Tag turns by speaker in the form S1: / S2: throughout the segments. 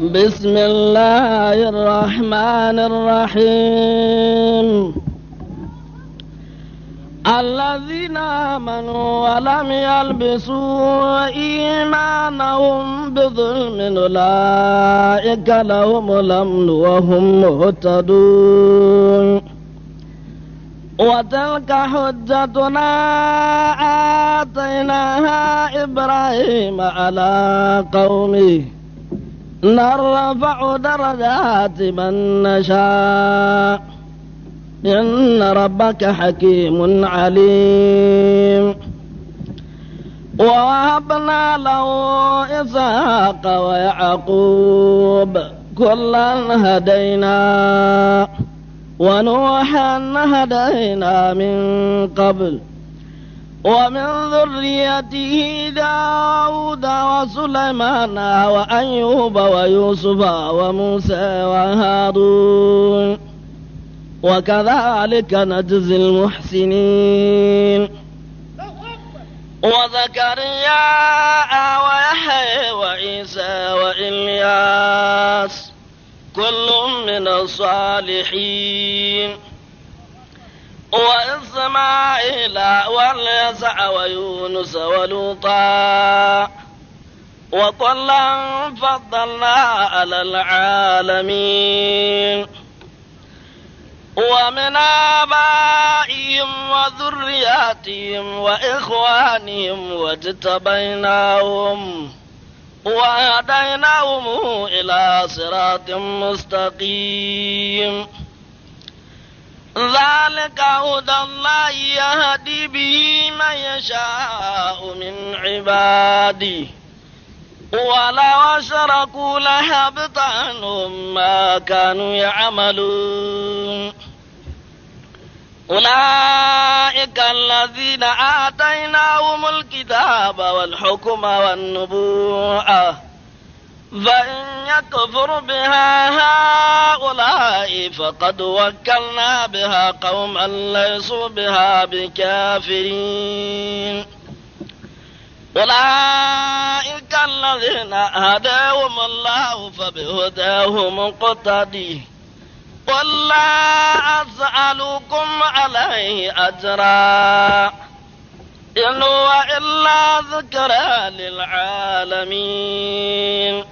S1: بسم الله الرحمن الرحيم الذين آمنوا ولم يلبسوا إيمانهم بظلم أولئك لهم الأمن وهم مهتدون وتلك حجتنا آتيناها إبراهيم على قومه نرفع درجات من نشاء إن ربك حكيم عليم وهبنا له إسحاق ويعقوب كلا هدينا ونوحا هدينا من قبل ومن ذريته داود وسليمان وأيوب ويوسف وموسى وهارون وكذلك نجزي المحسنين وزكريا ويحيى وعيسى وإلياس كل من الصالحين وإسماعيل واليسع ويونس ولوطا وكلا فضلنا على العالمين ومن آبائهم وذرياتهم وإخوانهم واجتبيناهم وهديناهم إلى صراط مستقيم ذلك هدى الله يهدي به من يشاء من عبادي ولو أشركوا لهبط عنهم ما كانوا يعملون أولئك الذين آتيناهم الكتاب والحكم والنبوءة فإن يكفر بها هؤلاء فقد وكلنا بها قوما ليسوا بها بكافرين أولئك الذين هداهم الله فبهداهم اقتدي قل لا أسألكم عليه أجرا إن هو إلا ذكرى للعالمين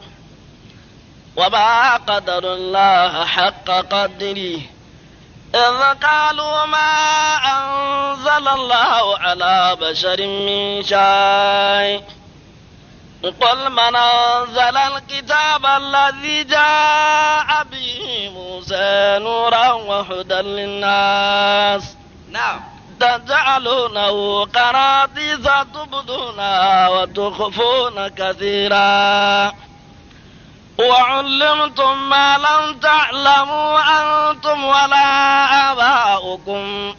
S1: وما قدر الله حق قدره إذ قالوا ما أنزل الله على بشر من شيء قل من أنزل الكتاب الذي جاء به موسى نورا وهدى للناس نعم تجعلونه قراطيس تبدونها وتخفون كثيرا وعلمتم ما لم تعلموا أنتم ولا آباؤكم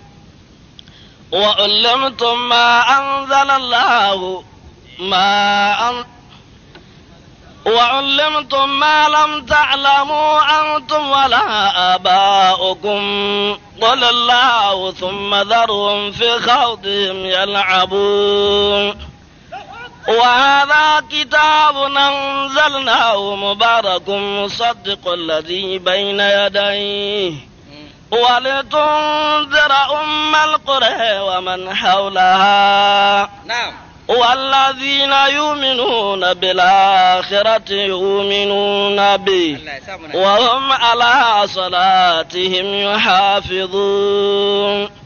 S1: وعلمتم ما أنزل الله ما أنزل وعلمتم ما لم تعلموا أنتم ولا آباؤكم قل الله ثم ذرهم في خوضهم يلعبون وهذا كتاب أنزلناه مبارك مصدق الذي بين يديه ولتنذر أم القرى ومن حولها نعم والذين يؤمنون بالآخرة يؤمنون به وهم على صلاتهم يحافظون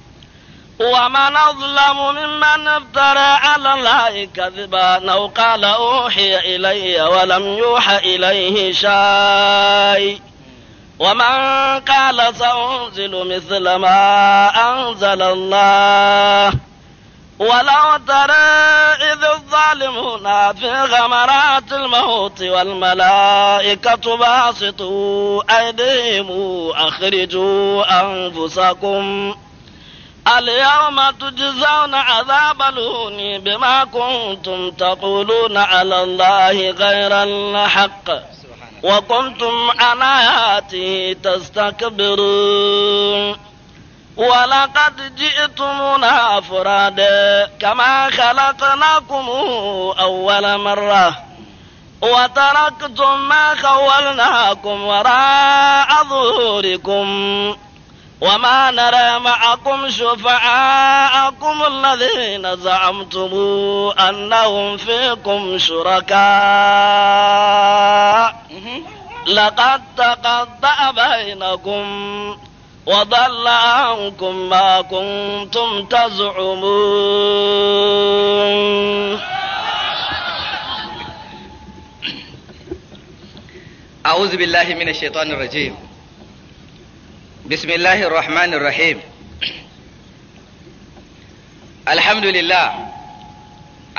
S1: ومن أظلم ممن افترى على الله كذبا أو قال أوحي إلي ولم يوحى إليه شيء ومن قال سأنزل مثل ما أنزل الله ولو ترى إذ الظالمون في غمرات الموت والملائكة باسطوا أيديهم أخرجوا أنفسكم اليوم تجزون عذاب الهون بما كنتم تقولون على الله غير الحق وكنتم عن آياته تستكبرون ولقد جئتمنا فرادا كما خلقناكم أول مرة وتركتم ما خولناكم وراء ظهوركم وما نرى معكم شفعاءكم الذين زعمتم أنهم فيكم شركاء لقد تقطع بينكم وضل عنكم ما كنتم تزعمون
S2: أعوذ بالله من الشيطان الرجيم بسم الله الرحمن الرحيم الحمد لله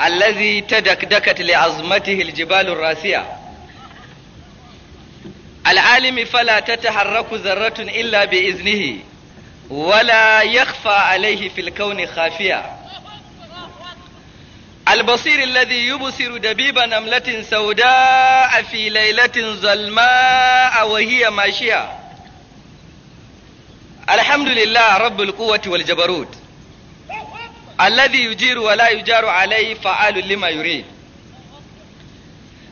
S2: الذي تدكدكت لعظمته الجبال الراسيه العالم فلا تتحرك ذرة إلا بإذنه ولا يخفى عليه في الكون خافية البصير الذي يبصر دبيب نملة سوداء في ليلة ظلماء وهي ماشية الحمد لله رب القوة والجبروت الذي يجير ولا يجار عليه فعال لما يريد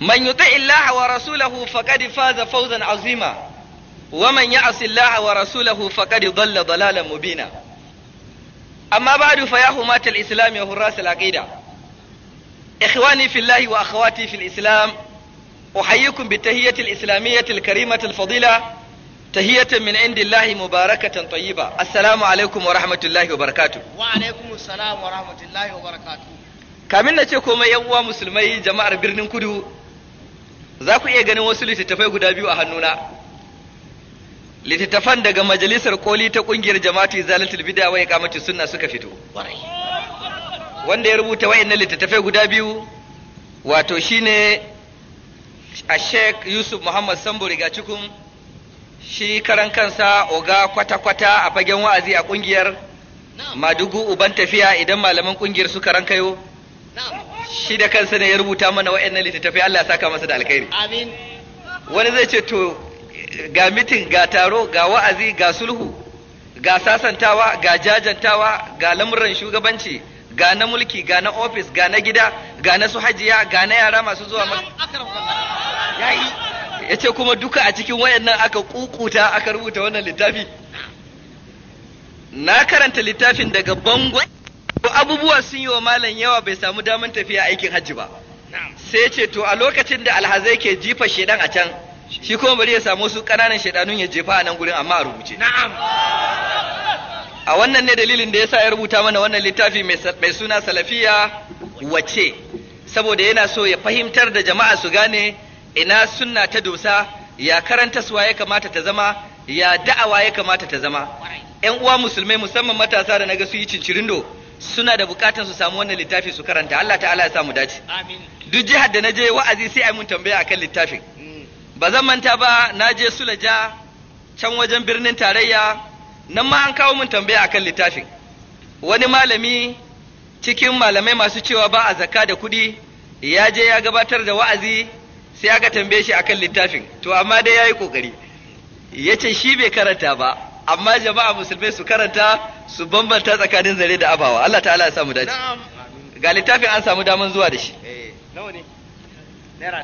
S2: man yuti illaha wa rasulahu faqad faza fawzan azima wa man ya'si illaha wa rasulahu faqad dhalla dhalalan mubina amma ba'du fa ya humatal islam ya hurras al aqida ikhwani أحييكم بالتهية الإسلامية الكريمة الفضيلة تهية من عند الله مباركة طيبة السلام عليكم ورحمة الله وبركاته
S1: وعليكم السلام ورحمة الله وبركاته
S2: kamin na ce komai yan uwa musulmai jama'ar birnin kudu za ku iya ganin wasu littattafai guda biyu a hannuna littattafan daga majalisar koli ta kungiyar jama'atu zalatul bid'a wa iqamati sunna suka fito wanda ya rubuta wayannan littattafai guda biyu wato shine a Sheikh Yusuf Muhammad Sambo riga cikun shi karan kansa oga kwata-kwata a fagen wa'azi a kungiyar madugu uban tafiya idan malaman kungiyar suka rankayo shi da kansa ne ya rubuta mana wa'annan littattafai Allah ya saka masa da alkhairi amin wani zai ce to ga mitin ga taro ga wa'azi ga sulhu ga sasantawa ga jajantawa ga lamuran shugabanci ga na mulki ga na ofis ga na gida ga na su hajiya ga na yara masu zuwa ya ce kuma duka a cikin wayannan aka kukuta aka rubuta wannan littafi na karanta littafin daga bangon to abubuwa sun yi wa malam yawa bai samu damar tafiya aikin hajji ba sai ce to a lokacin da alhazai ke jifa shedan a can shi kuma bari ya samu su kananan shedanun ya jefa a nan gurin amma a rubuce a wannan ne dalilin da yasa ya rubuta mana wannan littafi mai suna salafiya wace saboda yana so ya fahimtar da jama'a su gane ina sunna ta dosa ya karanta suwa ya kamata ta zama ya da'awa ya kamata ta zama yan uwa musulmai musamman matasa da na ga su yi cincirindo suna da bukatar su samu wannan littafi su karanta Allah ta'ala ya samu dace duk jihar da naje wa'azi sai ai mun tambaya akan littafin mm. ba zan manta ba naje Sulaja can wajen birnin tarayya nan ma an kawo mun tambaya akan littafin wani malami cikin malamai masu cewa ba a zakka da kuɗi ya je ya gabatar da wa'azi sai aka tambaye shi akan littafin to amma dai yayi kokari yace shi bai karanta ba amma jama'a musulmai su karanta su bambanta tsakanin zare da abawa Allah ta'ala ya samu dace ga littafin an samu daman zuwa da shi
S1: eh, nawa ne naira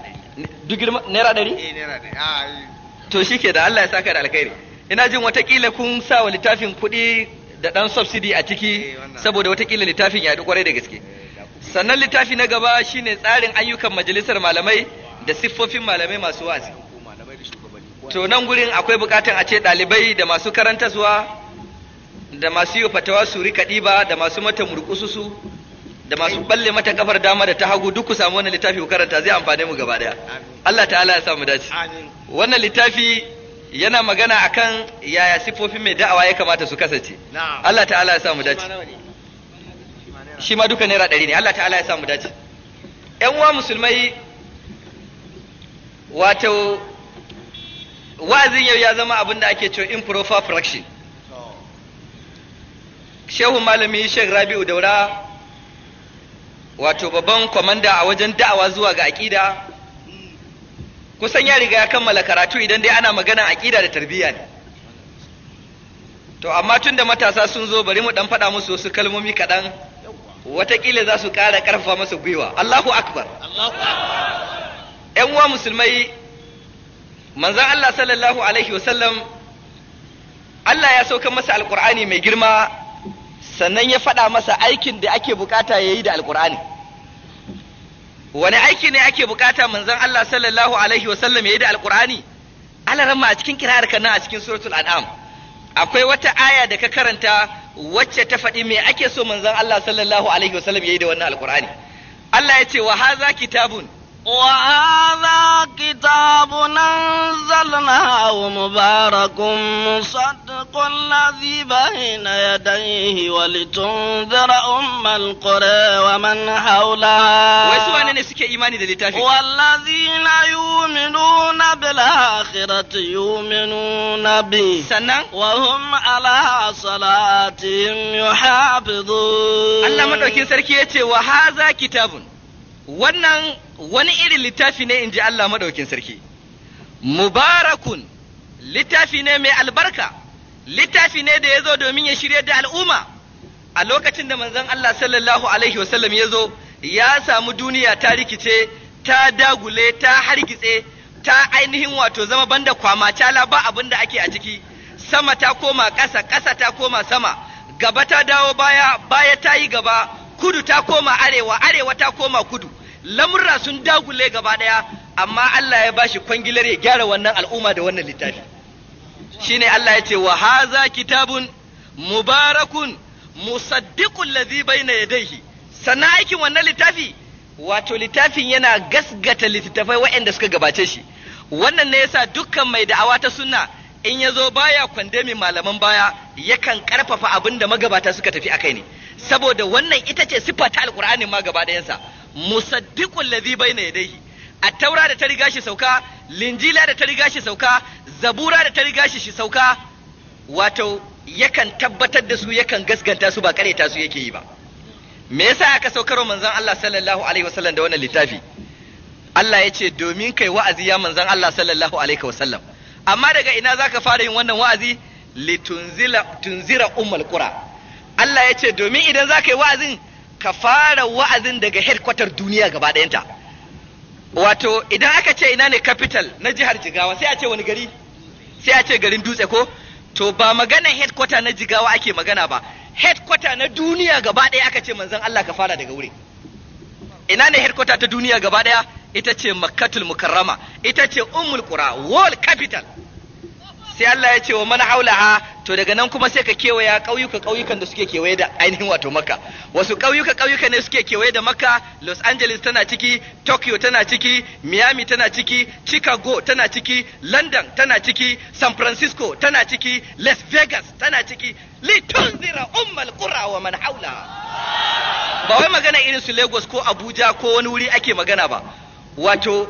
S2: ɗari naira ɗari eh naira ɗari ah, eh. to shike da Allah ya saka da alkhairi ina jin watakila kun sa wa littafin kuɗi da ɗan subsidy a ciki eh, saboda watakila littafin ya kwarai da gaske sannan littafi na gaba shine tsarin ayyukan majalisar malamai da siffofin malamai masu wazi. to nan gurin akwai bukatan a ce ɗalibai da masu karanta zuwa da masu yi fatawa su rika ɗiba da masu mata su da masu balle mata kafar dama da ta hagu duk ku samu wannan littafi ku karanta zai amfane mu gaba daya Allah ta'ala ya sa mu dace wannan littafi yana magana akan yaya sifofin mai da'awa ya kamata su kasance Allah ta'ala ya sa mu dace shi ma duka naira ɗari ne Allah ta'ala ya sa mu dace ƴan uwa musulmai wato wa'azin yau ya zama abin da ake cewa improper fraction shehu malami shan rabi'u daura wato babban kwamanda a wajen da'awa zuwa ga aƙida kusan ya riga ya kammala karatu idan dai ana magana aƙida da tarbiyya ne to amma tun da matasa sun zo bari mu dan faɗa musu wasu kalmomi kaɗan watakila za su ƙara ƙarfafa masa gwiwa Allahu akbar ‘yan uwa musulmai manzan Allah sallallahu alaihi wasallam Allah ya sauka masa alkur'ani mai girma sannan ya faɗa masa aikin da ake bukata ya yi da alkur'ani wani aiki ne ake bukata manzan Allah sallallahu alaihi wasallam ya yi da alkur'ani Allah a cikin kira'ar kana a cikin suratul an'am akwai wata aya da ka karanta wacce ta faɗi me ake so manzan Allah sallallahu
S1: alaihi wasallam ya yi da wannan alkur'ani
S2: Allah ya ce wa haza kitabun
S1: وهذا كتاب أنزلناه مبارك مصدق الذي بين يديه ولتنذر أم القرى ومن حولها والذين يؤمنون بالآخرة يؤمنون به وهم على صلاتهم يحافظون الله مدوكين
S2: سركيتي وهذا كتاب wannan wani irin littafi ne in ji Allah madaukin sarki mubarakun littafi ne mai albarka littafi ne da ya zo domin ya shirya da al'umma a lokacin da manzon Allah sallallahu alaihi wasallam ya zo ya samu duniya ta rikice ta dagule ta hargitse ta ainihin wato zama banda kwama cala ba abin da ake a ciki sama ta koma ƙasa ƙasa ta koma sama gaba ta dawo baya baya ta yi gaba kudu ta koma arewa arewa ta koma kudu lamurra sun dagule gaba daya amma Allah ya bashi kwangilar ya gyara wannan al'umma da wannan littafi shine Allah ya ce wa haza kitabun mubarakun musaddiqul ladhi bayna yadayhi sana aikin wannan littafi wato littafin yana gasgata littattafai waɗanda suka gabace shi wannan ne yasa dukkan mai da'awa ta sunna in ya zo baya mai malaman baya yakan karfafa abinda magabata suka tafi akai ne saboda wannan ita ce siffata ta alkur'ani ma gaba ɗayansa musaddiqul ladhi bayna yadayhi at-taura da ta riga shi sauka linjila da ta riga shi sauka zabura da ta riga shi sauka wato yakan tabbatar da su yakan gasganta su ba kareta su yake yi ba me yasa aka saukarwa manzon Allah sallallahu alaihi wasallam da wannan littafi Allah ya ce domin kai wa'azi ya manzon Allah sallallahu alaihi wasallam amma daga ina zaka fara yin wannan wa'azi litunzila tunzira ummul qura Allah ya ce domin idan zaka yi wa'azin ka fara wa'azin daga headquarter duniya gaba ɗayanta wato idan aka ce ina ne capital na jihar jigawa sai a ce wani gari sai a ce garin dutse ko to ba magana headquarter na jigawa ake magana ba headquarter na duniya gaba ɗaya aka ce manzon Allah ka fara daga wuri ina ne headquarter ta duniya gaba ɗaya ita ce makkatul mukarrama ita ce umul kura, world capital sai Allah ya ce wa mana haulaha to daga nan kuma sai ka kewaya ƙauyuka ƙauyukan da suke kewaye da ainihin wato maka wasu ƙauyuka ƙauyuka ne suke kewaye da maka Los Angeles tana ciki Tokyo tana ciki Miami tana ciki Chicago tana ciki London tana ciki San Francisco tana ciki Las Vegas tana ciki litunzira ummal qura wa man haulaha ba wai magana irin su Lagos ko Abuja ko wani wuri ake magana ba wato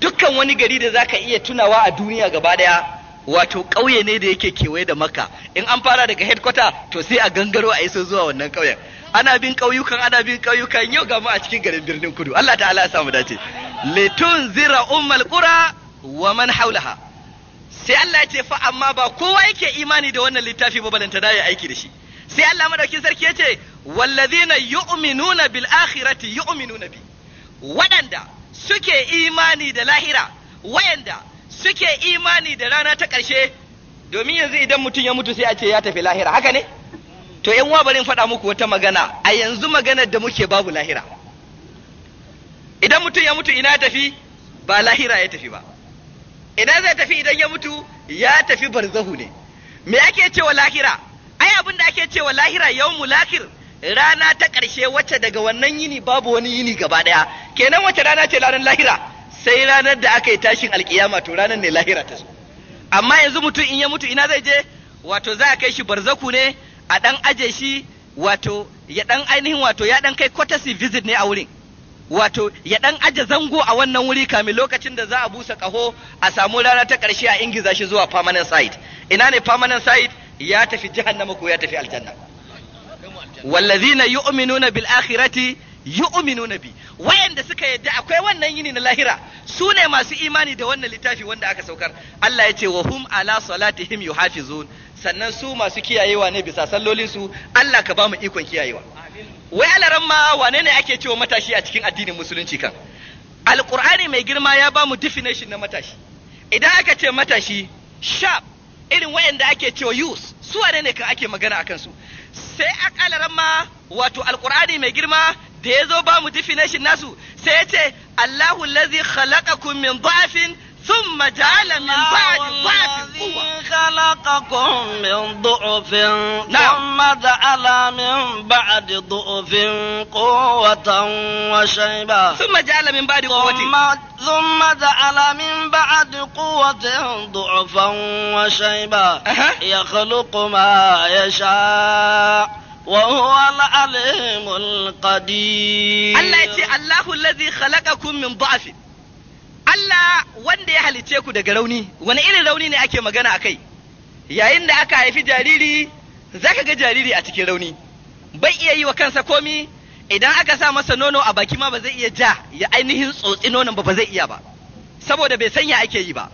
S2: dukkan wani gari da zaka iya tunawa a duniya gaba daya wato ƙauye ne da yake kewaye da maka in an fara daga headquarter to sai a gangaro a iso zuwa wannan ƙauyen ana bin ƙauyukan ana bin ƙauyukan yau ga mu a cikin garin birnin kudu Allah ta'ala ya samu dace litun zira ummal qura wa man haulaha sai Allah ya ce fa amma ba kowa yake imani da wannan littafi ba balanta da ya aiki da shi sai Allah madaukin sarki ya ce wallazina yu'minuna bil akhirati yu'minuna bi waɗanda suke imani da lahira wayanda suke imani da rana ta ƙarshe domin yanzu idan mutum ya mutu sai a ce ya tafi lahira haka ne to yan wabarin faɗa muku wata magana a yanzu maganar da muke babu lahira idan mutum ya mutu ina tafi ba lahira ya tafi ba idan zai tafi idan ya mutu ya tafi barzahu ne me ake cewa lahira ai abin da ake cewa lahira yawmul lahir? rana ta ƙarshe wacce daga wannan yini babu wani yini gaba ɗaya kenan wacce rana ce ranar lahira sai ranar da aka yi tashin alkiyama to ranar ne lahira ta zo amma yanzu mutum in ya mutu ina zai je wato za a kai shi barzaku ne a dan aje shi wato ya dan ainihin wato ya dan kai courtesy visit ne a wurin wato ya dan aje zango a wannan wuri kamin lokacin da za a busa kaho a samu rana ta karshe a ingiza shi zuwa permanent site ina ne permanent site ya tafi jahannama ko ya tafi aljanna wallazina yu'minuna bil akhirati yu'minuna bi wayanda suka yadda akwai wannan yini na lahira su ne masu imani da wannan littafi wanda aka saukar Allah ya ce wa hum ala salatihim yuhafizun sannan su masu kiyayewa ne bisa sallolin su Allah ka ba mu ikon kiyayewa wai alaran ma wane ne ake cewa matashi a cikin addinin musulunci kan alqur'ani mai girma ya ba mu definition na matashi idan aka ce matashi sharp irin wayanda ake cewa youth su wane ne kan ake magana akan su sai akalar ma wato alqur'ani mai girma da ya zo ba mu definition nasu sai ya ce Allahu allazi khalaqakum min
S1: dha'fin ثم جعل من بعد ضعف khalaqakum خلقكم من ضعف ثم جعل من بعد ضعف قوة shayba ثم جعل من بعد قوة ثم جعل من بعد قوة ضعفا وشيبا يخلق ما يشاء وهو العليم القدير الله يتي الله الذي خلقكم من ضعف
S2: Allah wanda ya halice ku daga rauni wani irin rauni ne ake magana a kai. yayin da aka haifi jariri zaka ga jariri a cikin rauni bai iya yi wa kansa komi idan aka sa masa nono a baki ma ba zai iya ja ya ainihin tsotsi nonon ba ba zai iya ba saboda bai sanya ake yi ba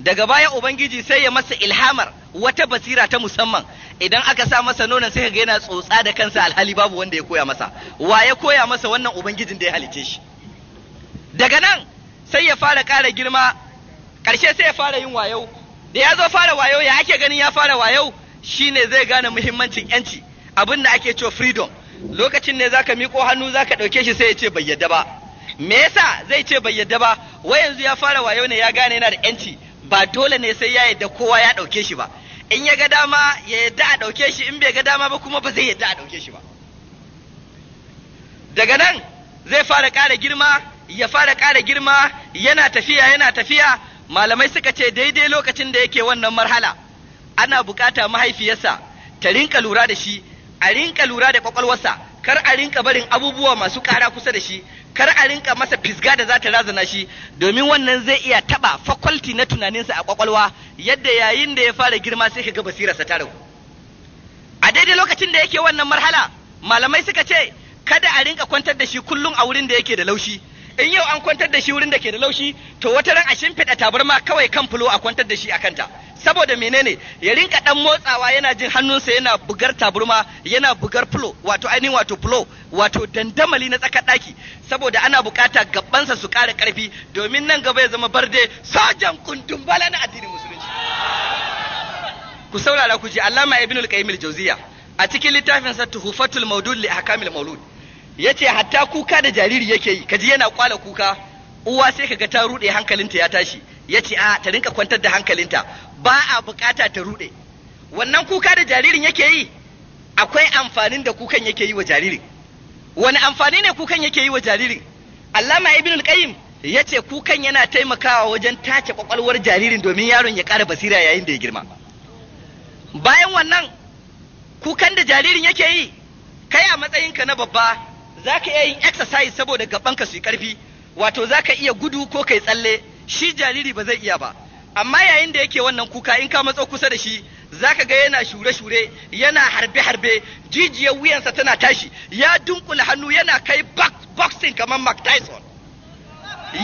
S2: daga baya ubangiji sai ya masa ilhamar wata basira ta musamman idan aka sa masa nonon sai ga yana tsotsa da kansa alhali babu wanda ya koya masa wa ya koya masa wannan ubangijin da ya halice shi daga nan sai ya fara ƙara girma ƙarshe sai ya fara yin wayo da ya zo fara wayo ya ake ganin ya fara wayo shine zai gane muhimmancin yanci abin da ake cewa freedom lokacin ne zaka miƙo hannu zaka ɗauke shi sai ya ce bai yadda ba me yasa zai ce bai yadda ba wai yanzu ya fara wayo ne ya gane yana da yanci ba dole ne sai ya yadda kowa ya ɗauke shi ba in ya ga dama ya yadda a ɗauke shi in bai ga dama ba kuma ba zai yadda a ɗauke shi ba daga nan zai fara ƙara girma ya fara ƙara girma yana tafiya yana tafiya malamai suka ce daidai lokacin da yake wannan marhala ana bukata mahaifiyarsa ta rinka lura da shi a rinka lura da kwakwalwarsa kar a rinka barin abubuwa masu ƙara kusa da shi kar a rinka masa fisga da za ta razana shi domin wannan zai iya taba faculty na tunaninsa a kwakwalwa yadda yayin da ya fara girma sai ka ga basirarsa ta ragu a daidai lokacin da yake wannan marhala malamai suka ce kada a rinka kwantar da shi kullum a wurin da yake da laushi in yau an kwantar da shi wurin da ke da laushi to wata ran a shimfiɗa tabarma kawai kan fulo a kwantar da shi a kanta saboda menene ya rinka dan motsawa yana jin hannunsa yana bugar taburma yana bugar flow wato ainihin wato flow wato dandamali na tsakar daki saboda ana bukata gabansa su kara karfi domin nan gaba ya zama barde sojan kundun bala na addinin musulunci ku saurara ku ji allama ibn al-qayyim al-jawziya a cikin littafin sa tuhufatul mawdud li ahkamil mawlud yace hatta kuka da jariri yake yi kaji yana kwala kuka uwa sai kaga ta rude hankalinta ya tashi ya ce a ta rinka kwantar da hankalinta ba a bukata ta rude wannan kuka da jaririn yake yi akwai amfanin da kukan yake yi wa jaririn wani amfani ne kukan yake yi wa jaririn allama ibn al-qayyim ya ce kukan yana taimakawa wajen tace kwakwalwar jaririn domin yaron ya kara basira yayin da ya girma bayan wannan kukan da jaririn yake yi kai a matsayinka na babba za ka iya yin exercise saboda gabanka su yi karfi wato za ka iya gudu ko kai tsalle shi jariri ba zai iya ba amma yayin da yake wannan kuka in ka matso kusa da shi zaka ga yana shure-shure yana harbe-harbe jijiyar wuyansa tana tashi ya dunkula hannu yana kai boxing kamar Mark Tyson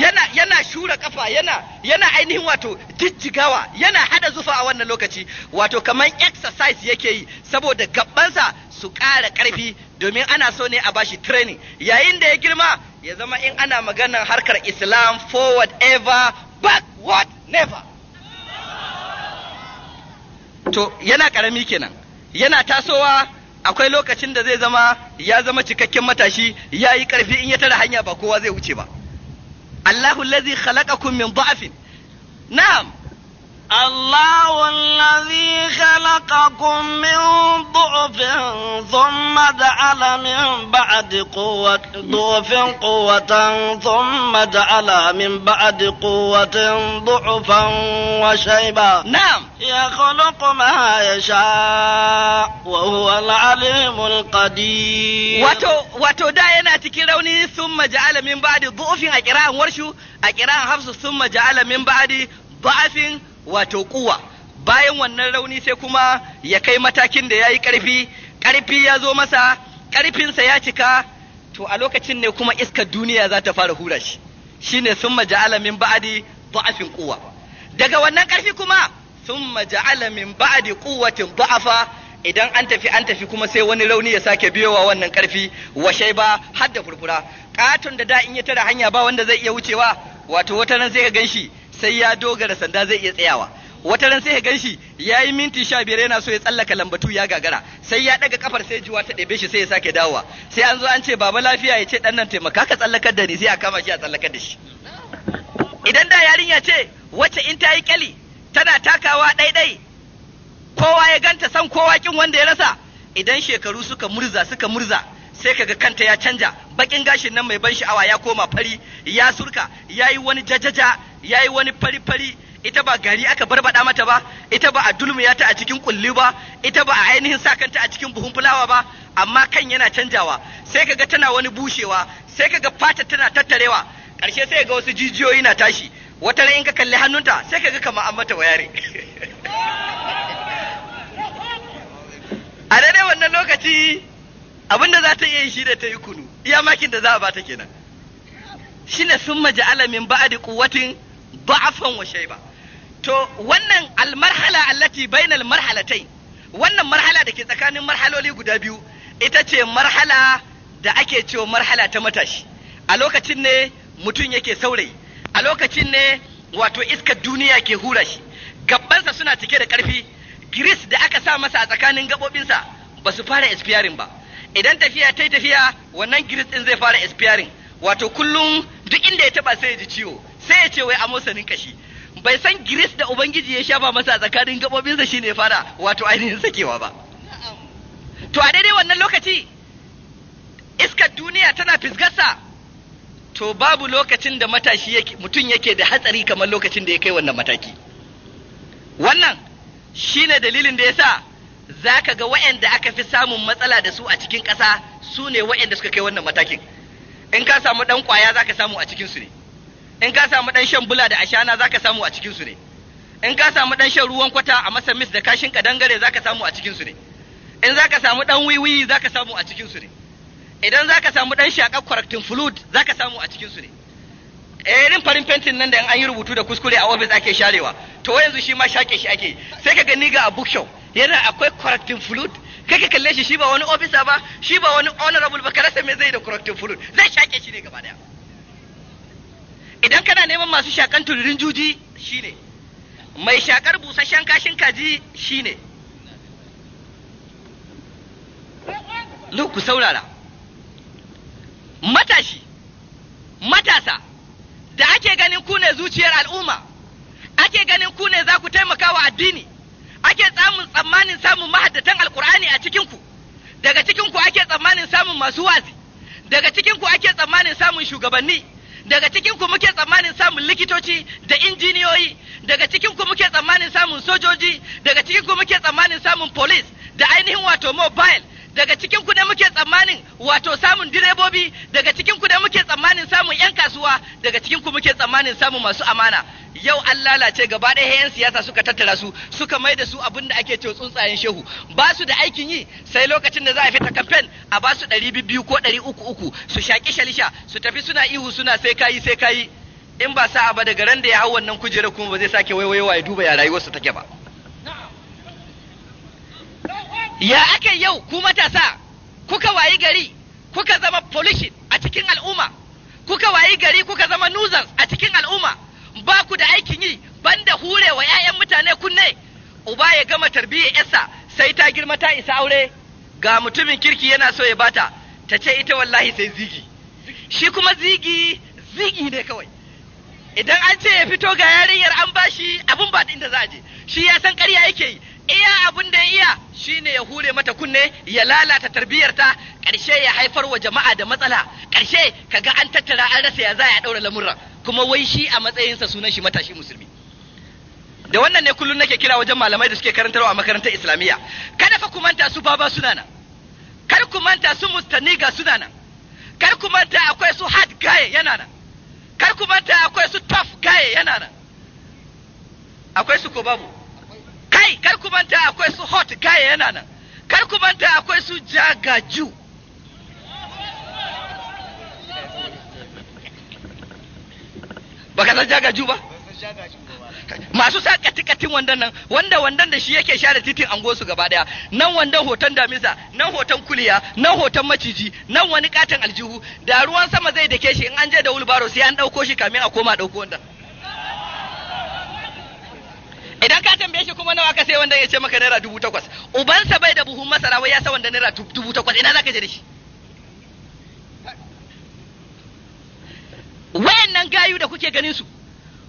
S2: yana yana shura kafa yana yana ainihin wato jijjigawa yana hada zufa a wannan lokaci wato kamar exercise yake yi saboda gabansa su ƙara ƙarfi domin ana so ne a bashi training yayin da ya girma ya zama in ana maganar harkar islam forward ever backward never to yana ƙarami kenan yana tasowa akwai lokacin da zai zama ya zama cikakken matashi ya yi ƙarfi in ya tara hanya ba kowa zai wuce ba Allahu lazi khalaqakum min
S1: da'afin na'am الله الذي خلقكم من ضعف ثم جعل من بعد قوة ضعف قوة ثم جعل من بعد قوة ضعفا وشيبا نعم يخلق ما يشاء وهو العليم القدير واتو واتو دا
S2: yana cikin rauni thumma ja'ala min ba'di dhu'fin a qira'an warshu a qira'an hafsu wato kuwa bayan wannan rauni sai kuma ya kai matakin da ya yi ƙarfi ƙarfi ya zo masa ƙarfinsa ya cika to a lokacin ne kuma iskar duniya za ta fara hura shi ne sun maja alamin ba'adi ba'afin kuwa daga wannan ƙarfi kuma sun maja alamin ba'adi kuwatin ba'afa idan an tafi an tafi kuma sai wani rauni ya sake biyowa wannan ƙarfi washai ba har da furfura ƙaton da da in ya tara hanya ba wanda zai iya wucewa wato wata nan sai ka gan shi sai ya dogara sanda zai iya tsayawa wata ran sai ya ganshi ya yi minti sha biyar yana so ya tsallaka lambatu ya gagara sai ya ɗaga kafar sai juwa ta ɗebe shi sai ya sake dawowa sai an zo an ce baba lafiya ya ce ɗan nan taimaka ka tsallakar da ni sai a kama shi a tsallakar da shi idan da yarinya ce wacce in ta yi kyali tana takawa ɗaiɗai kowa ya ganta san kowa kin wanda ya rasa idan shekaru suka murza suka murza sai kaga kanta ya canja bakin gashin nan mai ban sha'awa ya koma fari ya surka ya yi wani jajaja ya yi wani fari-fari ita ba gari aka barbada mata ba ita ba a dulmiya ta a cikin kulli ba ita ba a ainihin sa kanta a cikin buhun fulawa ba amma kan yana canjawa sai kaga tana wani bushewa sai kaga fata tana tattarewa karshe sai ga wasu jijiyoyi na tashi wata in ka kalli hannunta sai kaga kamar an mata wayare a daidai wannan lokaci abin da za ta iya yi shi da ta yi kunu iya makin da za a bata kenan shi ne sun maji alamin da kuwatin ba'afan wa shaiba to wannan almarhala allati bainal marhalatai wannan marhala da ke tsakanin marhaloli guda biyu ita ce marhala da ake cewa marhala ta matashi a lokacin ne mutum yake saurayi a lokacin ne wato iskar duniya ke hura shi gabansa suna cike da ƙarfi giris da aka sa masa a tsakanin gaɓoɓinsa ba su fara expiring ba idan tafiya ta yi tafiya wannan giris ɗin zai fara expiring wato kullum duk inda ya taba sai ya ji ciwo sai ya ce wai amosanin kashi bai san giris da ubangiji ya shafa masa tsakanin gabobinsa shine ya fara wato ainihin sakewa ba to a daidai wannan lokaci iskar duniya tana fisgarsa to babu lokacin da matashi mutum yake da hatsari kamar lokacin da ya kai wannan mataki wannan shine dalilin da ya sa za ka ga waɗanda aka fi samun matsala da su a cikin ƙasa su ne waɗanda suka kai wannan matakin in ka samu ɗan ƙwaya za ka samu a cikinsu ne in ka samu ɗan shan bula da ashana za ka samu a cikinsu ne in ka samu ɗan shan ruwan kwata a masa mis da kashin dangare za ka samu a cikinsu ne in za ka samu ɗan wiwi za ka samu a cikinsu ne idan za ka samu ɗan shaƙar kwarakin fulud, za ka samu a cikinsu ne irin eh, farin fentin nan da an yi rubutu da kuskure a office ake sharewa to yanzu shi ma shake shi ake sai ka gani ga a bookshop yana akwai correcting fluid kai ka kalle shi shi ba wani officer ba shi ba wani honorable ba ka rasa me zai da correcting fluid zai shake shi ne gaba daya idan kana neman masu shakan tururin juji shine mai shakar busasshen kashin kaji shine Lu ku saurara matashi matasa da ake ganin ku ne zuciyar al'umma ake ganin ku ne za ku taimaka wa addini ake tsamun tsammanin samun mahaddatan alkur'ani a cikin ku daga cikin ku ake tsammanin samun masu wazi daga cikin ku ake tsammanin samun shugabanni daga cikin ku muke tsammanin samun likitoci da injiniyoyi daga cikin ku muke tsammanin samun sojoji daga cikin ku muke tsammanin samun police da ainihin wato mobile daga cikin ku ne muke tsammanin wato samun direbobi daga cikin ku ne muke tsammanin samun yan kasuwa daga cikin ku muke tsammanin samun masu amana yau an lalace gaba ɗaya yan siyasa suka tattara su suka mai da su abin da ake cewa tsuntsayen shehu ba su da aikin yi sai lokacin da za a fita kamfen a ba su ɗari biyu ko ɗari uku uku su shaƙi shalisha su tafi suna ihu suna sai kayi sai kayi in ba sa'a ba daga ran da ya hau wannan kujera kuma ba zai sake waiwaiwa ya duba ya rayuwarsa take ba. ya ake yau ku matasa kuka wayi gari kuka zama pollution a cikin al'umma kuka wayi gari kuka zama nuisance a cikin al'umma ba ku da aikin yi banda hure wa 'ya'yan mutane kunne uba ya gama tarbiyyar yarsa sai ta girma ta isa aure ga mutumin kirki yana so ya bata ta ce ita wallahi sai zigi shi kuma zigi zigi ne kawai idan an ce ya fito ga yarinyar an bashi abun ba inda za a je shi ya san ƙarya yake yi iya abin da ya iya shine ya hure mata kunne ya lalata tarbiyarta ƙarshe ya haifar wa jama'a da matsala ƙarshe kaga an tattara an rasa ya za ya ɗaura lamurra kuma wai shi a matsayinsa sunan shi matashi musulmi da wannan ne kullum nake kira wajen malamai da suke karantarwa a makarantar islamiyya kada fa ku manta su baba suna nan kar ku manta su mustaniga suna nan kar ku manta akwai su hard gaye yana nan kar ku manta akwai su tough gaye yana nan akwai su ko babu kai kar ku manta akwai su hot gaya yana nan kar ku manta akwai su jagaju baka san jagaju ba masu sa katikatin wandan nan wanda wandan da shi yake share titin ango su gaba daya nan wandan hoton damisa nan hoton kuliya nan hoton maciji nan wani katon aljihu da ruwan sama zai dake shi in an je da wulbaro sai an dauko shi kamin a koma dauko wandan idan ka tambaye shi kuma nawa ka sai wanda ya ce maka naira dubu takwas ubansa bai da buhun masara wai ya sa wanda naira dubu takwas ina za ka je da shi wayannan gayu da kuke ganin su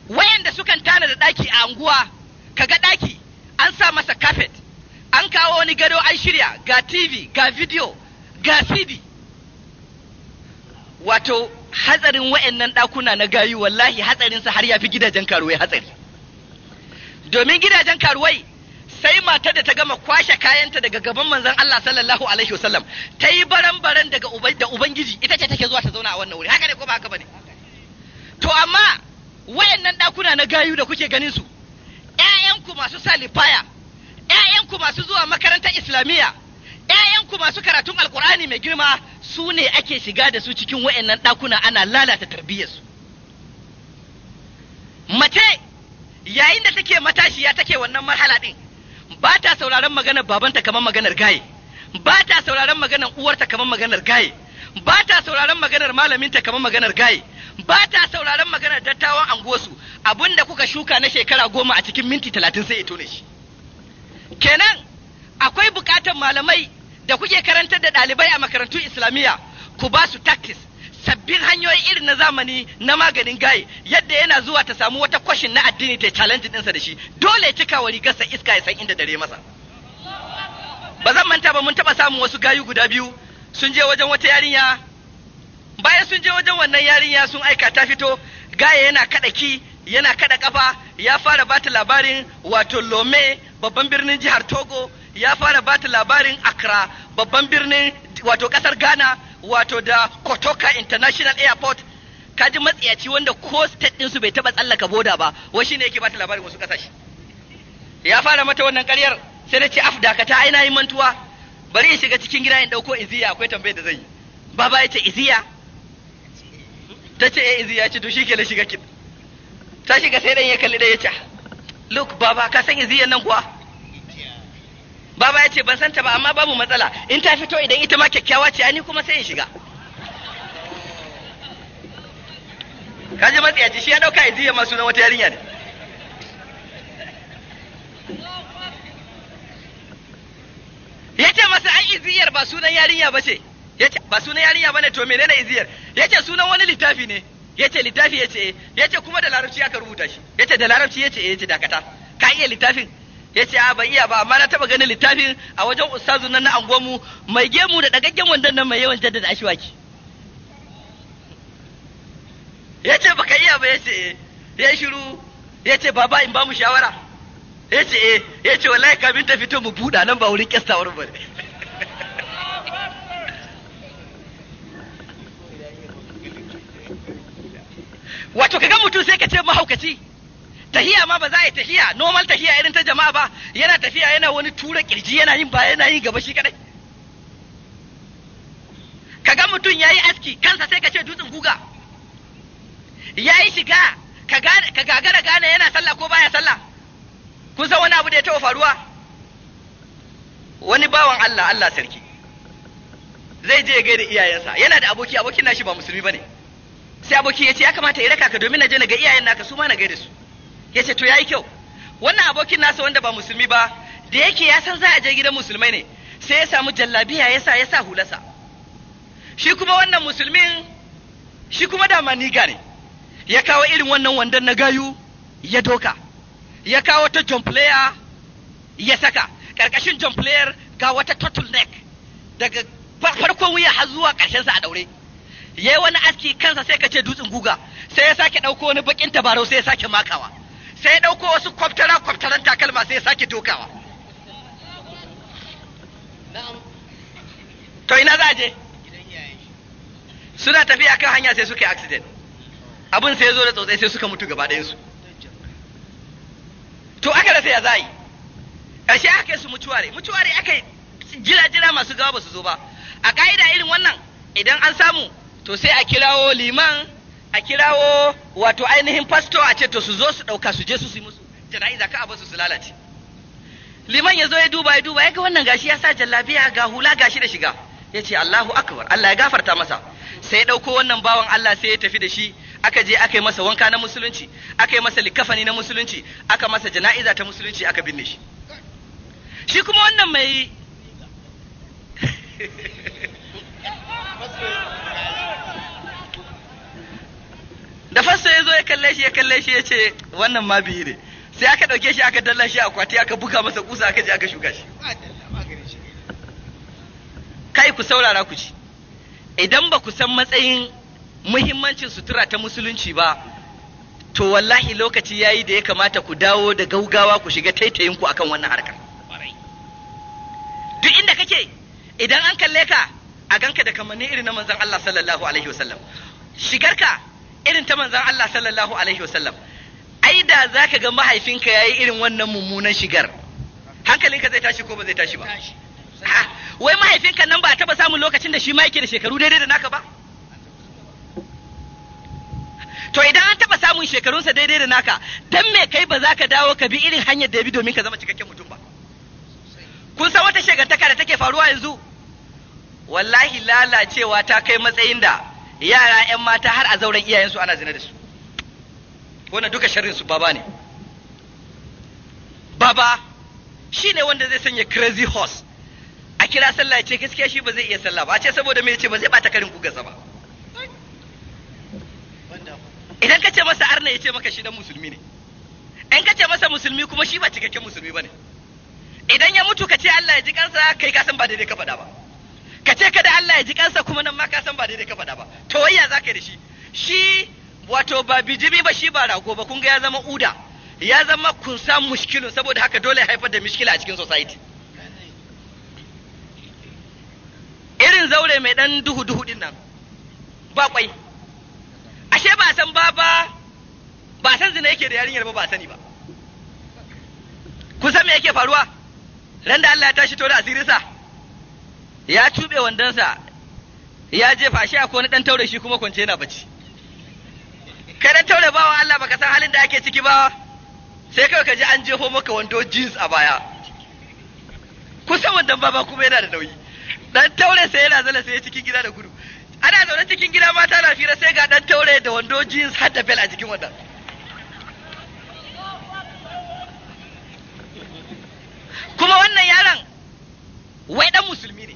S2: wayanda sukan tana da ɗaki a anguwa kaga ɗaki an sa masa kafet an kawo wani gado an shirya ga tv ga video ga cd wato hatsarin wayannan ɗakuna na gayu wallahi hatsarinsa har ya fi gidajen karuwai hatsari domin gidajen karuwai sai matar da ta gama kwashe kayanta daga gaban manzon Allah sallallahu alaihi wasallam ta yi baran-baran daga da ubangiji ita ce take zuwa ta zauna a wannan wuri haka ne ko ba haka bane to amma wayannan ɗakuna na gayu da kuke ganin su 'ya'yanku masu salifaya 'ya'yanku masu zuwa makarantar islamiyya 'ya'yanku masu karatun alkur'ani mai girma su ne ake shiga da su cikin wayannan ɗakuna ana lalata tarbiyyarsu mace yayin da take matashiya take wannan marhala din ba ta sauraron maganar babanta kamar maganar gaye ba ta sauraron maganar uwarta kamar maganar gaye ba ta sauraron maganar malaminta kamar maganar gaye ba ta sauraron maganar dattawan anguwarsu abinda kuka shuka na shekara goma a cikin minti talatin sai ya tone shi kenan akwai bukatar malamai da kuke karantar da ɗalibai a makarantun islamiyya ku ba su takis. sabbin hanyoyi irin na zamani na maganin gaye yadda yana zuwa ta samu wata kwashin na addini ta challenge ɗinsa da shi dole ya cika wa rigarsa iska ya san inda dare masa ba zan manta ba mun taɓa samun wasu gayu guda biyu sun je wajen wata yarinya bayan sun je wajen wannan yarinya sun aika ta fito gaye yana kaɗa ki yana kaɗa kafa ya fara bata labarin wato lome babban birnin jihar togo ya fara bata labarin akra babban birnin wato ƙasar ghana wato da Kotoka International Airport ka ji matsiyaci wanda ko state ɗinsu bai taɓa tsallaka boda ba wai shine yake bata labarin wasu ƙasashe ya fara mata wannan ƙaryar sai na ce af dakata ai na mantuwa bari in shiga cikin gida in ɗauko iziya akwai tambayar da zai yi baba ya ce iziya ta ce eh iziya ce to shi ke shiga kin ta shiga sai ɗan ya kalli ɗaya ya ce ah, look baba ka san iziyan nan kuwa baba ya ce ban santa ba amma babu matsala in ta fito idan ita ma kyakkyawa ce ni kuma sai in shiga kaji ci shi ya dauka jiya masu na wata yarinya ne ya ce masa an iziyar ba sunan yarinya ba ce ba sunan yarinya ba ne to menene iziyar ya ce sunan wani littafi ne ya ce littafi ya ce eh. ya ce kuma da larabci aka rubuta shi ya ce da larabci ya ce eh, ya ce dakata ka iya littafin ya ce a ba iya ba amma na taba ganin littafin a wajen ustazu nan na angonmu mai gemu da dagaggen wandon nan mai yawan jaddada ashiwaki ya ce baka iya ba ya ce eh. ya shiru ya ce baba in ba mu shawara ya ce eh ya ce wallahi kamin ta fito mu buɗa nan ba wurin kyastawar ba Wato wato kaga mutum sai ka ce mahaukaci tahiya ma ba za a yi tahiya normal tahiya irin ta jama'a ba yana tafiya yana wani tura kirji yana yin baya yana yin gaba shi kadai kaga mutum yayi aski kansa sai ka ce dutsen guga yayi shiga ka gagara gane yana sallah ko baya sallah kun san wani abu da ya taɓa faruwa wani bawan Allah Allah sarki zai je ya gaida iyayensa yana da aboki abokin nashi ba musulmi bane sai aboki ya ce ya kamata ya raka ka domin na je na ga iyayen naka su ma na gaida su ya ce to yi kyau wannan abokin nasa wanda ba musulmi ba da yake ya san za a je gidan musulmai ne sai ya samu jallabiya ya sa ya sa hulasa shi kuma wannan musulmin shi kuma dama niga ne ya kawo irin wannan wandan na gayu ya doka ya kawo ta john player ya saka karkashin john player ga wata turtle neck daga farkon wuya har zuwa karshen sa a daure yayi wani aski kansa sai ka ce dutsen guga sai ya sake dauko wani bakin tabarau sai ya sake makawa sai dauko ɗauko wasu kwaftara kwaftaran takalma sai ya sake dokawa to ina za a je suna tafiya kan hanya sai suka yi accident abin sai ya zo da tsotsai sai suka mutu gaba ɗayansu to aka sai ya za yi ƙarshe aka kai su mutuware mutuware aka jira jira masu gawa ba su zo ba a ƙa'ida irin wannan idan an samu to sai a kirawo liman a kirawo wato ainihin fasto a ce to su zo su ɗauka su je su yi musu jana'iza ka a su su lalace liman ya zo ya duba ya duba ya ga wannan gashi ya sa jallabiya ga hula gashi da shiga ya ce Allahu akbar Allah ya gafarta masa sai ya ɗauko wannan bawan Allah sai ya tafi da shi aka je aka yi masa wanka na musulunci aka yi masa likafani na musulunci aka masa jana'iza ta musulunci aka binne shi shi kuma wannan mai da fasa ya zo ya kalle shi ya kalle shi ya ce wannan ma biyu ne sai aka ɗauke shi aka dalla shi akwati aka buga masa kusa aka je aka shuka shi kai ku saurara ku ci idan ba ku san matsayin muhimmancin sutura ta musulunci ba to wallahi lokaci yayi da ya kamata ku dawo da gaugawa ku shiga taitayin ku akan wannan harkar duk inda kake idan an kalle ka a ganka da kamanni irin na manzon Allah sallallahu alaihi wasallam shigarka irin ta Manzan Allah sallallahu alaihi wasallam ai da zaka ga mahaifinka ya yi irin wannan mummunan shigar hankalinka zai tashi ko ba zai tashi ba wai mahaifinka nan ba a taba samun lokacin da shi ma yake da shekaru daidai da naka ba to idan an taba samun shekarunsa daidai da naka dan me kai ba za ka dawo ka bi irin hanyar da ya bi domin ka zama cikakken mutum ba kun san wata shegartaka da take faruwa yanzu wallahi lalacewa ta kai matsayin da yara ‘yan mata har a zauren iyayensu ana zina da su wannan duka sharrin su baba ne baba shi ne wanda zai sanya crazy horse a kira sallah ya ce gaskiya shi ba zai iya sallah ba a ce saboda me ce ba zai bata karin kugasa ba idan ka ce masa arna ya ce maka shi dan musulmi ne in ka ce masa musulmi kuma shi ba cikakken musulmi ba ne idan ya mutu ka ce Allah ya ji kansa kai kasan ba daidai ka faɗa ba ka ce kada Allah ya ji kansa kuma nan ma ka san ba daidai ka faɗa ba to wayya zaka yi da shi shi wato ba bijimi ba shi ba rago ba kun ga ya zama uda ya zama kun sa mushkilun saboda haka dole ya haifar da mushkila a cikin society irin zaure mai dan duhu duhu din nan ba kwai ashe ba san ba ba ba san zina yake da yarinyar ba ba sani ba kun san me yake faruwa ran da Allah ya tashi to da asirinsa ya cube wandonsa ya jefa shi a kone ɗan taure shi kuma kwance yana bacci kada dan taure bawa Allah baka san halin da ake ciki ba sai kawai ka ji an jefo maka wando jeans a baya kusan wandon baba kuma yana da nauyi dan taure sai yana zala sai cikin gida da gudu ana zaune cikin gida mata na fira sai ga dan taure da wando jeans har da bel a jikin wanda kuma wannan yaron wai dan musulmi ne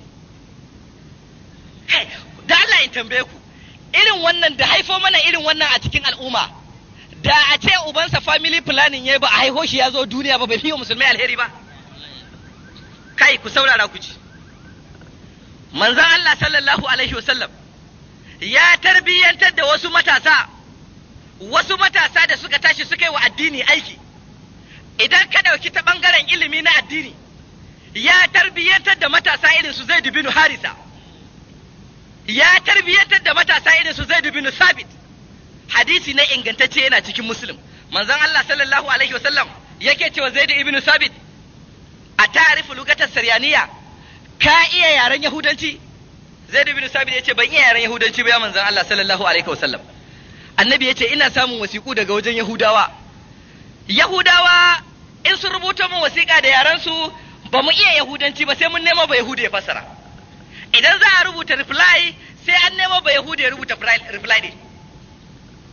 S2: da Allah in tambaye ku irin wannan da haifo mana irin wannan a cikin al'umma da a ce ubansa family planning ya ba a haifo shi ya zo duniya ba bai yi musulmai alheri ba kai ku saurara ku ji manzon Allah sallallahu alaihi wasallam ya tarbiyyantar da wasu matasa wasu matasa da suka tashi suka yi wa addini aiki idan ka dauki ta ɓangaren ilimi na addini ya tarbiyyantar da matasa irin su zai dubinu harisa ya tarbiyyatar da matasa irin su Zaid bin Sabit hadisi na ingantacce yana cikin Muslim manzon Allah sallallahu alaihi wasallam yake cewa Zaidu ibn Sabit a ta'rifu lugatar saryaniya ka iya yaren Yahudanci Zaid ibn Sabit yace ban iya yaren Yahudanci ba ya manzon Allah sallallahu alaihi wasallam annabi yace ina samun wasiku daga wajen Yahudawa Yahudawa in sun rubuta mu wasiƙa da yaran su ba mu iya Yahudanci ba sai mun nema ba Yahudu ya fasara idan za a rubuta reply sai an nemo ba yahuda ya rubuta reply ne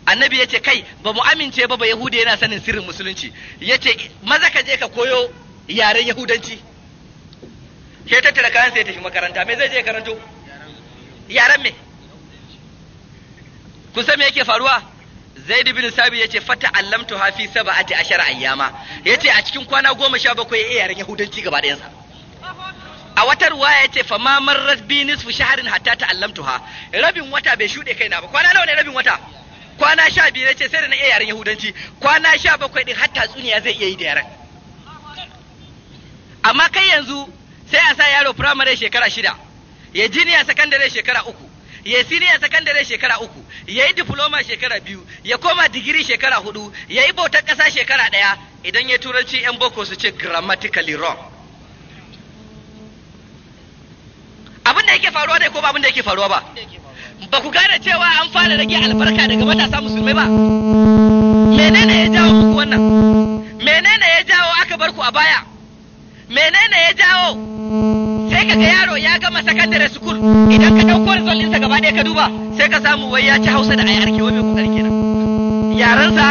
S2: annabi ya ce kai ba mu amince ba ba yahuda yana sanin sirrin musulunci ya ce maza ka je ka koyo yaren yahudanci Ke tattara kayan sai ya tafi makaranta me zai je karanto yaren me Ku san me yake faruwa zaid bin sabi yace fata allamtu hafi sab'ati ashara ayyama yace a cikin kwana goma sha bakwai ya yaren yahudanci gaba ɗayansa a wata ya ce fa mamar marrat nisfu shaharin hatta ha rabin wata bai shuɗe kaina ba kwana nawa ne rabin wata kwana sha biyu ce sai da na iya yaren yahudanci kwana sha bakwai din hatta tsuniya zai iya yi da yaren amma kai yanzu sai a sa yaro firamare shekara shida ya jiniya sakandare shekara uku ya siniya sakandare shekara uku ya yi diploma shekara biyu ya koma digiri shekara hudu ya yi bautar ƙasa shekara ɗaya idan ya turanci 'yan boko su ce grammatically wrong abin da yake faruwa ne ko ba abin da yake faruwa ba ba ku gane cewa an fara rage albarka daga matasa musulmai ba menene ya jawo muku wannan menene ya jawo aka bar ku a baya menene ya jawo sai ka ga yaro ya gama sakandare school idan ka dauko rizalin sa gaba ɗaya ka duba sai ka samu wai ya ci hausa da ayarki wai mai kokari kenan yaransa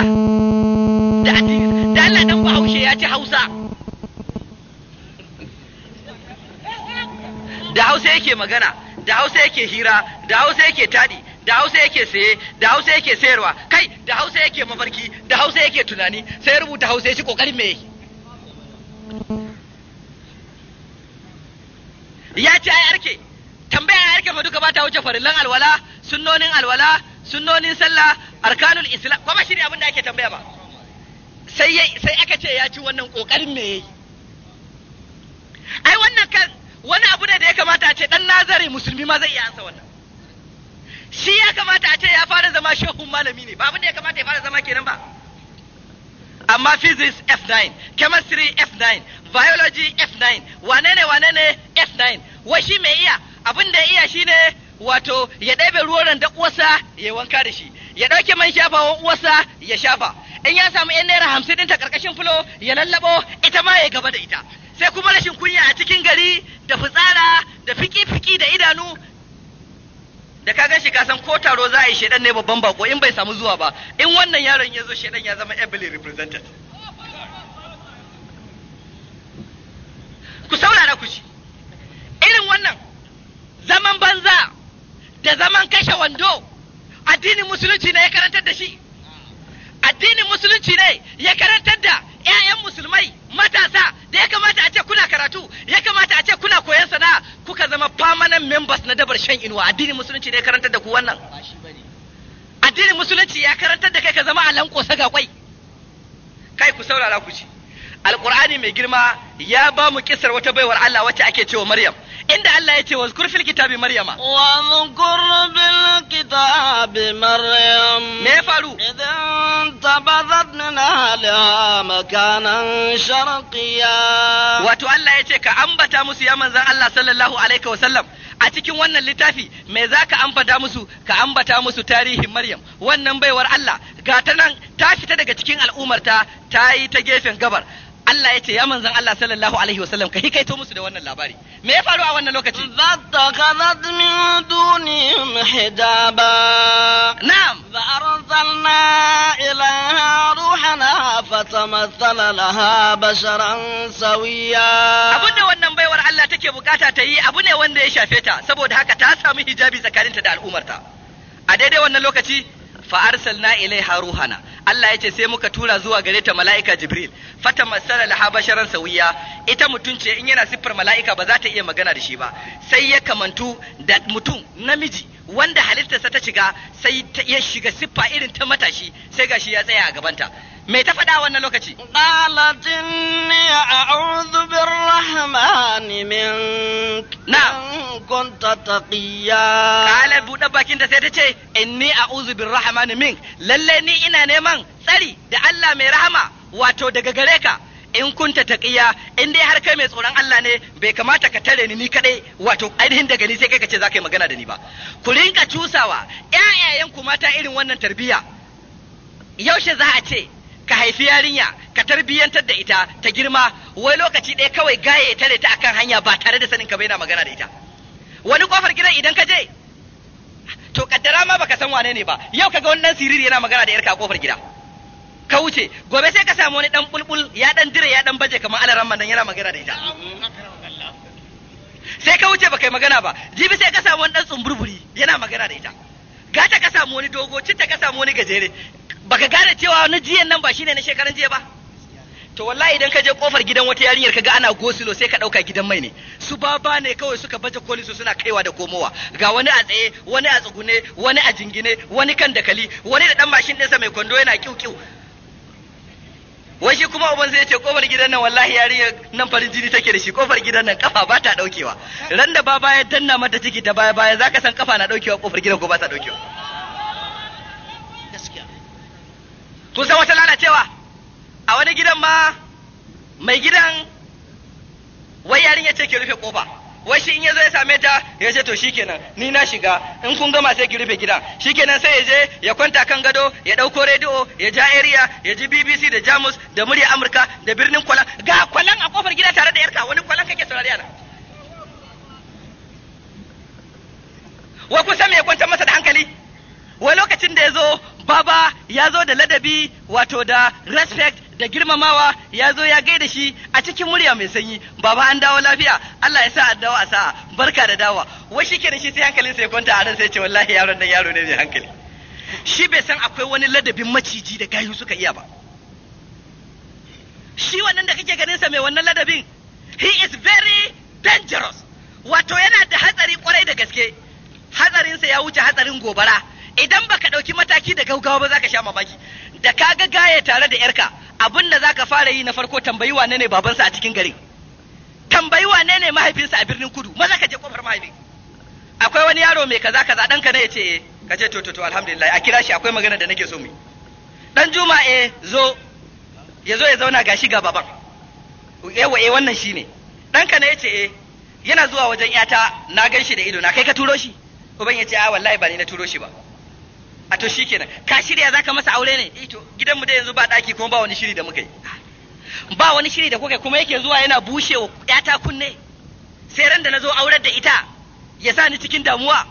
S2: da addini da Allah dan bahaushe ya ci hausa da hausa yake magana da hausa yake hira da hausa yake tadi da hausa yake saye da hausa yake sayarwa kai da hausa yake mafarki da hausa yake tunani sai rubuta hausa ya shi kokarin me ya ce ai arke tambaya ai arke fa duka ba ta wuce farillan alwala sunnonin alwala sunnonin sallah arkanul islam kuma ba shi ne abin da ake tambaya ba sai sai aka ce ya ci wannan kokarin me ai wannan kan wani abu ne da ya kamata a ce dan nazari musulmi ma zai iya ansa wannan shi ya kamata a ce ya fara zama shehun malami ne ba abin da ya kamata ya fara zama kenan ba amma physics F9 chemistry F9 biology F9 wane ne wane ne F9 wai shi mai iya abin da ya iya ne wato ya ɗebe ruwan da uwarsa ya wanka da shi ya ɗauke man shafa wa uwarsa ya shafa in ya samu yan naira hamsin ɗinta ƙarƙashin fulo ya lallabo ita ma ya gaba da ita sai kuma rashin kunya a cikin gari da fitsara da fiki-fiki da idanu da ka ganshi ka san ko taro za a yi shedan ne babban bako in bai samu zuwa ba in wannan yaron ya zo shedan ya zama ably represented ku saurara ku ci irin wannan zaman banza da zaman kashe wando addinin musulunci ne ya karantar da shi addinin musulunci ne ya karantar da ‘ya'yan musulmai matasa da ya kamata a ce kuna karatu ya kamata a ce kuna koyon sana'a kuka zama permanent members na dabar shan inuwa addinin musulunci ne karantar da ku wannan addinin musulunci ya karantar da kai ka zama a lanƙo ga kwai kai ku saurara ku ci alkur'ani mai girma ya ba mu kisar wata baiwar Allah wacce ake cewa Maryam inda Allah ya ce wa zkur fil kitabi Maryama
S1: wa zkur bil kitabi Maryam me ya faru idan tabadat min ahliha makanan sharqiya wato Allah ya ce ka ambata musu ya manzon
S2: Allah sallallahu alaihi wa sallam a cikin wannan littafi me za ka ambata musu ka ambata musu tarihin Maryam wannan baiwar Allah ga ta nan ta fita daga cikin al'ummarta ta yi ta gefen gabar Allah ya ce ya manzan Allah sallallahu alaihi wasallam ka hikaito musu da wannan labari me
S1: ya faru a wannan lokaci fattakhadhat min duni hijaba na'am za arsalna ila ruhana fatamathala laha basharan sawiya abinda
S2: wannan baiwar Allah take bukata ta yi abu ne wanda ya shafe ta saboda haka ta samu hijabi tsakaninta da al'umarta a daidai wannan lokaci fa arsalna ilaiha ruhana Allah ce sai muka tura zuwa gare ta mala'ika Jibril fata masala laha basharan sawiya ita mutum ce in yana siffar mala'ika ba za ta iya magana da shi ba sai ya kamantu da mutum namiji wanda halittarsa ta shiga sai ya shiga siffa irin ta matashi sai gashi ya tsaya a gabanta me ta faɗa wannan lokaci
S1: qalat inni a'udhu birrahmani min na kunta taqiya qala buɗe bakin da sai ta ce
S2: inni a'udhu birrahmani Min, lalle ni ina neman tsari da Allah mai rahama wato daga gare ka in kunta taqiya in dai har kai mai tsoron Allah ne bai kamata ka tare ni ni kadai wato ainihin daga ni sai kai ka ce za yi magana da ni ba ku rinka cusawa ƴaƴayen ku mata irin wannan tarbiyya yaushe za a ce ka haifi yarinya ka tarbiyyantar da ita ta girma wai lokaci ɗaya kawai gaye tare ta akan hanya ba tare da sanin ka bai na magana da ita wani kofar gidan idan ka je to kaddara ma baka san wane ne ba yau kaga wannan siriri yana magana da yarka a kofar gida ka wuce gobe sai ka samu wani dan bulbul ya dan dire ya dan baje kamar alaran nan yana magana da ita sai ka wuce baka yi magana ba jibi sai ka samu wani dan tsumburburi yana magana da ita gata ka samu wani dogo citta ka samu wani gajere baka gane cewa na jiyan nan ba shine na shekaran jiya ba to wallahi idan ka je kofar gidan wata yarinyar kaga ana gosilo sai ka dauka gidan mai ne su baba ne kawai suka baje kolin suna kaiwa da komowa ga wani a tsaye wani a tsugune wani a jingine wani kan dakali wani da dan mashin ɗinsa mai kwando yana kiu wai shi kuma uban zai ce kofar gidan nan wallahi yarinya nan farin jini take da shi kofar gidan nan kafa ba ta daukewa ran da baba ya danna mata ciki ta baya baya zaka san kafa na daukewa kofar gidan ko ba ta daukewa kun san wata lalacewa a wani gidan ma mai gidan wai yarinya ce ke rufe kofa wai shi in ya zo ya same ta ya ce to shikenan ni na shiga in kun gama sai ki rufe gidan shikenan sai ya je ya kwanta kan gado ya dauko rediyo ya ja area ya ji BBC da Jamus da murya Amurka da birnin Kwalan ga Kwalan a kofar gida tare da yarka wani Kwalan kake saurari ana wa kun san me kwanta masa da hankali wai lokacin da ya zo baba ya zo da ladabi wato da respect da girmamawa ya zo ya gaida shi a cikin murya mai sanyi baba an dawo lafiya Allah ya sa addu'a dawo a sa'a barka da dawa wai shi kenan shi sai hankalin sai kwanta a ran sai ce wallahi yaron nan yaro ne mai hankali shi bai san akwai wani ladabin maciji da gayu suka iya ba shi wannan da kake ganin sa mai wannan ladabin he is very dangerous wato yana da hatsari kwarai da gaske hatsarinsa ya wuce hatsarin gobara idan baka ɗauki mataki da gaugawa ba za ka sha mamaki da ka ga gaya tare da yarka abin da ka fara yi na farko tambayi wane ne babansa a cikin gari tambayi wane ne mahaifinsa a birnin kudu maza ka je kofar mahaifi akwai wani yaro mai kaza kaza ɗanka ne ya ce ka ce to to to alhamdulillah a kira shi akwai magana da nake so mu dan juma eh zo ya zo ya zauna gashi ga baban yawa eh wannan shine ɗanka ne ya ce eh yana zuwa wajen yata na gan shi da ido na kai ka turo shi uban ya ce a ah, wallahi ba ni na turo shi ba a to shikenan ka shirya zaka masa aure ne eh to gidanmu da yanzu ba daki kuma ba wani shiri da muka yi ba wani shiri da kuka kuma yake zuwa yana wa yata kunne sai ran da nazo aurar da ita ya sa ni cikin damuwa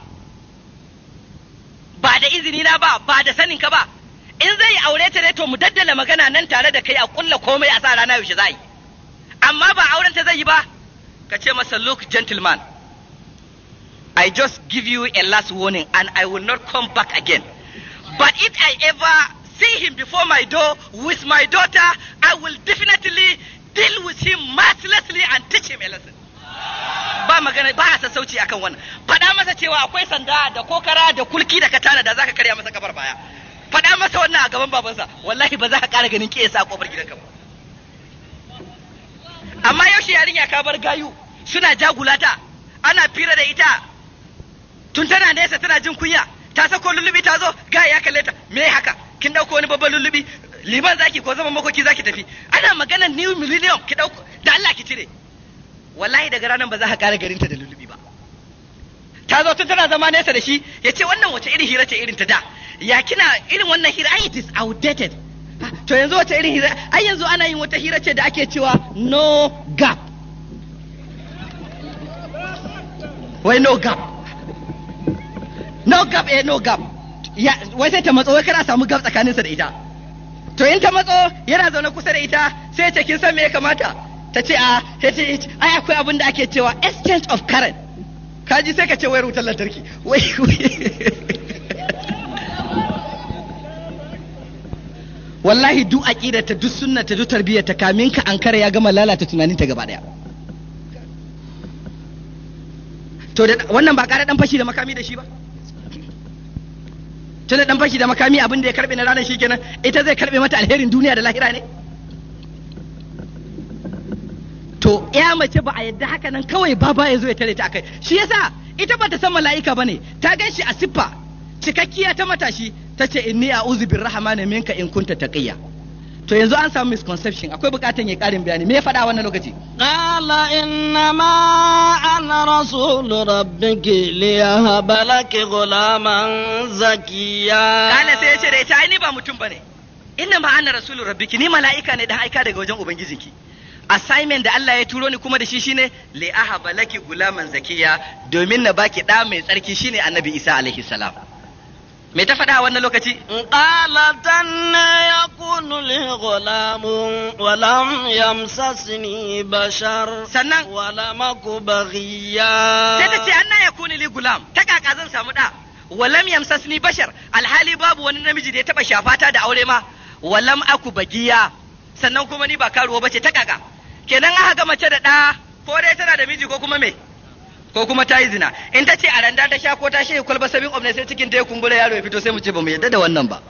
S2: ba da izini na ba ba da sanin ka ba in zai aure ta ne to mu daddala magana nan tare da kai a kulla komai a sa rana yaushe za amma ba auren ta zai yi ba ka ce masa look gentleman I just give you a last warning and I will not come back again But if I ever see him before my door with my daughter, I will definitely deal with him mercilessly and teach him a lesson. ba magana ba a sassauci akan wannan fada masa cewa akwai sanda da kokara da kulki da katana da zaka karya masa kafar baya faɗa masa wannan a gaban babansa wallahi ba za ka kara ganin kiyasa a kofar gidanka ba amma yaushe yarinya ka bar gayu suna jagulata ana fira da ita tun tana nesa tana jin kunya ta sako lullubi ta zo ga ya kalle ta me haka kin dauko wani babban lullubi liman zaki ko zaman makoki zaki tafi ana magana new millennium ki dauko da Allah ki cire wallahi daga ranar ba za ka kare garinta da lullubi ba ta zo tun tana zama nesa da shi ya ce wannan wace irin hira ce irin ta da ya kina irin wannan hira ai it is outdated to yanzu wace irin hira ai yanzu ana yin wata hira ce da ake cewa no gap wai no gap no gap eh no gap ya wai sai ta matso wai kana samu gap tsakaninsa da ita to in ta matso yana zaune kusa da ita sai ce kin san me ya kamata ta ce a ah, ta ce ai akwai abin da ake cewa exchange of current kaji sai ka ce wayar wutar lantarki wai wallahi duk ta duk ta duk ta kamin ka ankara ya gama lalata tunaninta gaba daya to da wannan ba da dan fashi da makami da shi ba tunda dan bashi da makami abin da ya karbe na ranar shikenan ita zai karbe mata alherin duniya da lahira ne to ya mace ba a yadda haka nan kawai baba ya zo ya tare ta akai shi yasa ita bata san mala'ika bane ta gan shi a siffa cikakkiya ta matashi tace inni a'udhu birrahmani minka in kunta taqiya to yanzu an samu misconception
S1: akwai bukatun ya karin bayani me ya faɗa wannan lokaci qala inna ma ana rasulu rabbiki li yahbalaki ghulaman zakiya
S2: kana sai yace da ita ai ni ba mutum bane inna ma ana rasulu rabbiki ni mala'ika ne da aika daga wajen ubangijinki assignment da Allah ya turo ni kuma da shi shine li ahaba laki gulaman zakiya domin na baki da mai tsarki shine annabi Isa alaihi salam me ta
S1: faɗa a wannan lokaci na ya kunu li ghulamun ya bashar sannan aku sai ta ce an na ya kunu li gulam ta kaka zan samu ɗa. wa lam bashar
S2: alhali babu wani namiji da ya taba shafata da aure ma wala aku bagiya. sannan kuma ni ba karuwa bace ta kaka kenan aka ga mace da ɗa ko dai tana da miji ko kuma me ko kuma ta yi zina in ta ce a randa ta sha ko ta shi kwalba sabin obne sai cikin ta ya kumbura yaro ya fito sai mu ce ba mu yadda da wannan ba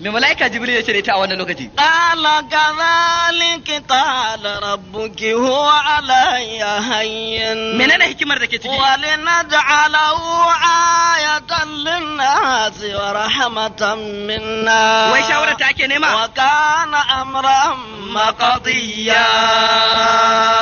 S2: me malaika jibril ya shirya ta ita a wannan lokaci
S1: qala kadhalika qala rabbuki huwa alayya hayyin na hikimar da ke ciki na wa linaj'alahu ayatan linnas wa rahmatan minna wai shawara ta ake nema wa kana amran maqdiya